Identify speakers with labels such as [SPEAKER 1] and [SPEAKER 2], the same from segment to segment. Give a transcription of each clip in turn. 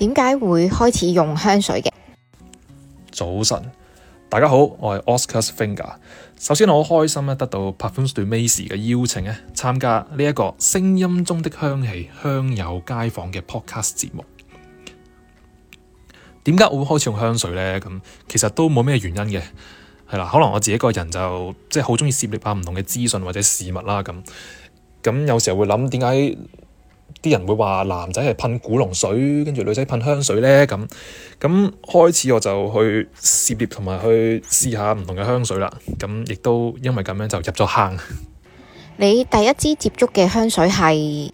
[SPEAKER 1] 點解會開始用香水嘅？
[SPEAKER 2] 早晨，大家好，我係 Oscar Finger。首先，我好開心得到 Parfums de Macy 嘅邀請咧，參加呢一個聲音中的香氣香友街坊嘅 Podcast 節目。點解我會開始用香水呢？咁其實都冇咩原因嘅，係啦。可能我自己一個人就即係好中意涉獵啊，唔同嘅資訊或者事物啦。咁咁有時候會諗點解？啲人們會話男仔係噴古龍水，跟住女仔噴香水咧咁咁開始我就去涉獵同埋去試下唔同嘅香水啦。咁亦都因為咁樣就入咗坑。
[SPEAKER 1] 你第一支接觸嘅香水係？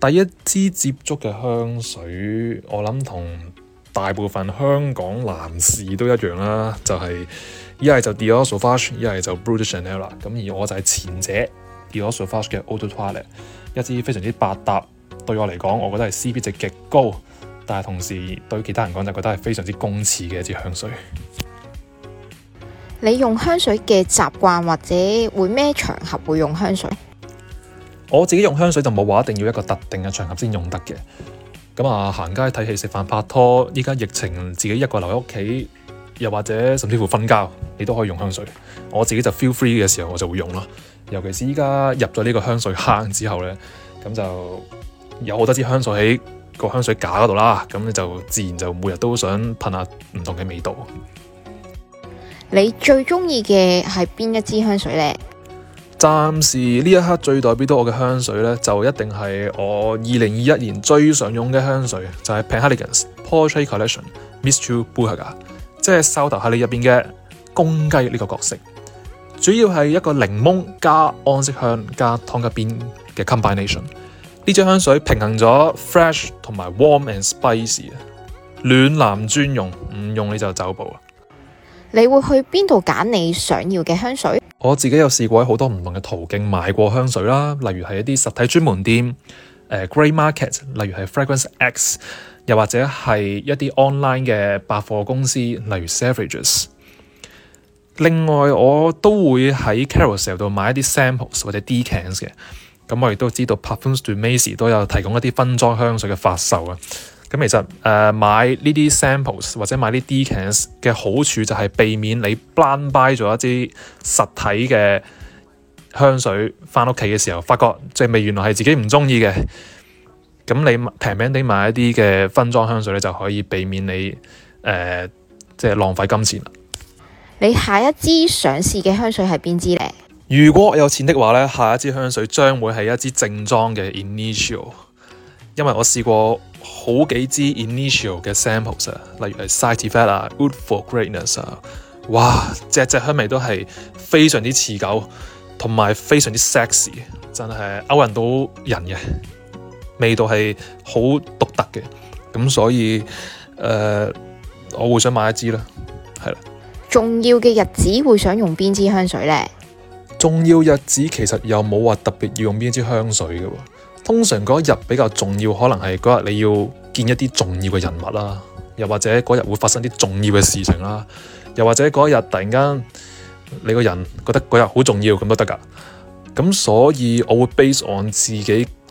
[SPEAKER 2] 第一支接觸嘅香水，我諗同大部分香港男士都一樣啦，就係一係就 Dior Sauvage，一係就 Bleu de Chanel 啦。咁而我就係前者。Sauvage 嘅 Eau de Toilette，一支非常之百搭，對我嚟講，我覺得係 CP 值極高，但係同時對其他人講就覺得係非常之公廁嘅一支香水。
[SPEAKER 1] 你用香水嘅習慣或者會咩場合會用香水？
[SPEAKER 2] 我自己用香水就冇話一定要一個特定嘅場合先用得嘅。咁啊，行街睇戲食飯拍拖，依家疫情自己一個人留喺屋企。又或者甚至乎瞓覺，你都可以用香水。我自己就 feel free 嘅時候，我就會用啦。尤其是依家入咗呢個香水坑之後咧，咁就有好多支香水喺個香水架嗰度啦。咁你就自然就每日都想噴下唔同嘅味道。
[SPEAKER 1] 你最中意嘅係邊一支香水咧？
[SPEAKER 2] 暫時呢一刻最代表到我嘅香水咧，就一定係我二零二一年最常用嘅香水，就係、是、Penhaligon's Portrait Collection Monsieur Beauregard。即係收頭喺你入邊嘅公雞呢個角色，主要係一個檸檬加安息香加湯加邊嘅 combination。呢支香水平衡咗 fresh 同埋 warm and spicy，暖男專用，唔用你就走步。
[SPEAKER 1] 你會去邊度揀你想要嘅香水？
[SPEAKER 2] 我自己有試過喺好多唔同嘅途徑買過香水啦，例如係一啲實體專門店，誒、呃，Grey Market，例如係 Fragrance X。又或者係一啲 online 嘅百貨公司，例如 Selfridges。另外，我都會喺 Carousell 度買一啲 samples 或者 decants 嘅。咁我亦都知道，Parfums de Marie 都有提供一啲分裝香水嘅發售啊。咁其實誒、呃、買呢啲 samples 或者買啲 decants 嘅好處就係避免你 blind buy 咗一支實體嘅香水返屋企嘅時候，發覺香味原來係自己唔中意嘅。咁你平平地買一啲嘅分裝香水咧，就可以避免你誒，即、呃、係、就是、浪費金錢啦。
[SPEAKER 1] 你下一支想試嘅香水係邊支咧？
[SPEAKER 2] 如果我有錢的話咧，下一支香水將會係一支正裝嘅 Initio，因為我試過好幾支 Initio 嘅 samples，例如係 Side Effect 啊、Oud for Greatness 啊，哇，只隻香味都係非常之持久，同埋非常之 sexy，真係勾引到人嘅。味道係好獨特嘅，咁所以誒、呃、我會想買一支啦，係啦。
[SPEAKER 1] 重要嘅日子會想用邊支香水咧？
[SPEAKER 2] 重要日子其實又冇話特別要用邊支香水嘅，通常嗰一日比較重要，可能係嗰日你要見一啲重要嘅人物啦，又或者嗰日會發生啲重要嘅事情啦，又或者嗰一日突然間你個人覺得嗰日好重要，咁都得噶。咁所以我會 base on 自己。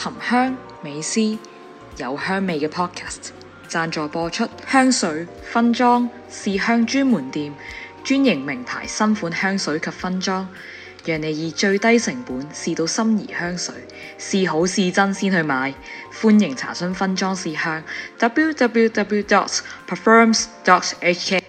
[SPEAKER 1] 沉香美思、有香味嘅 podcast 贊助播出，香水分裝試香專門店，專營名牌新款香水及分裝，讓你以最低成本試到心儀香水，試好試真先去買。歡迎查詢分
[SPEAKER 2] 裝試香 www.performs.hk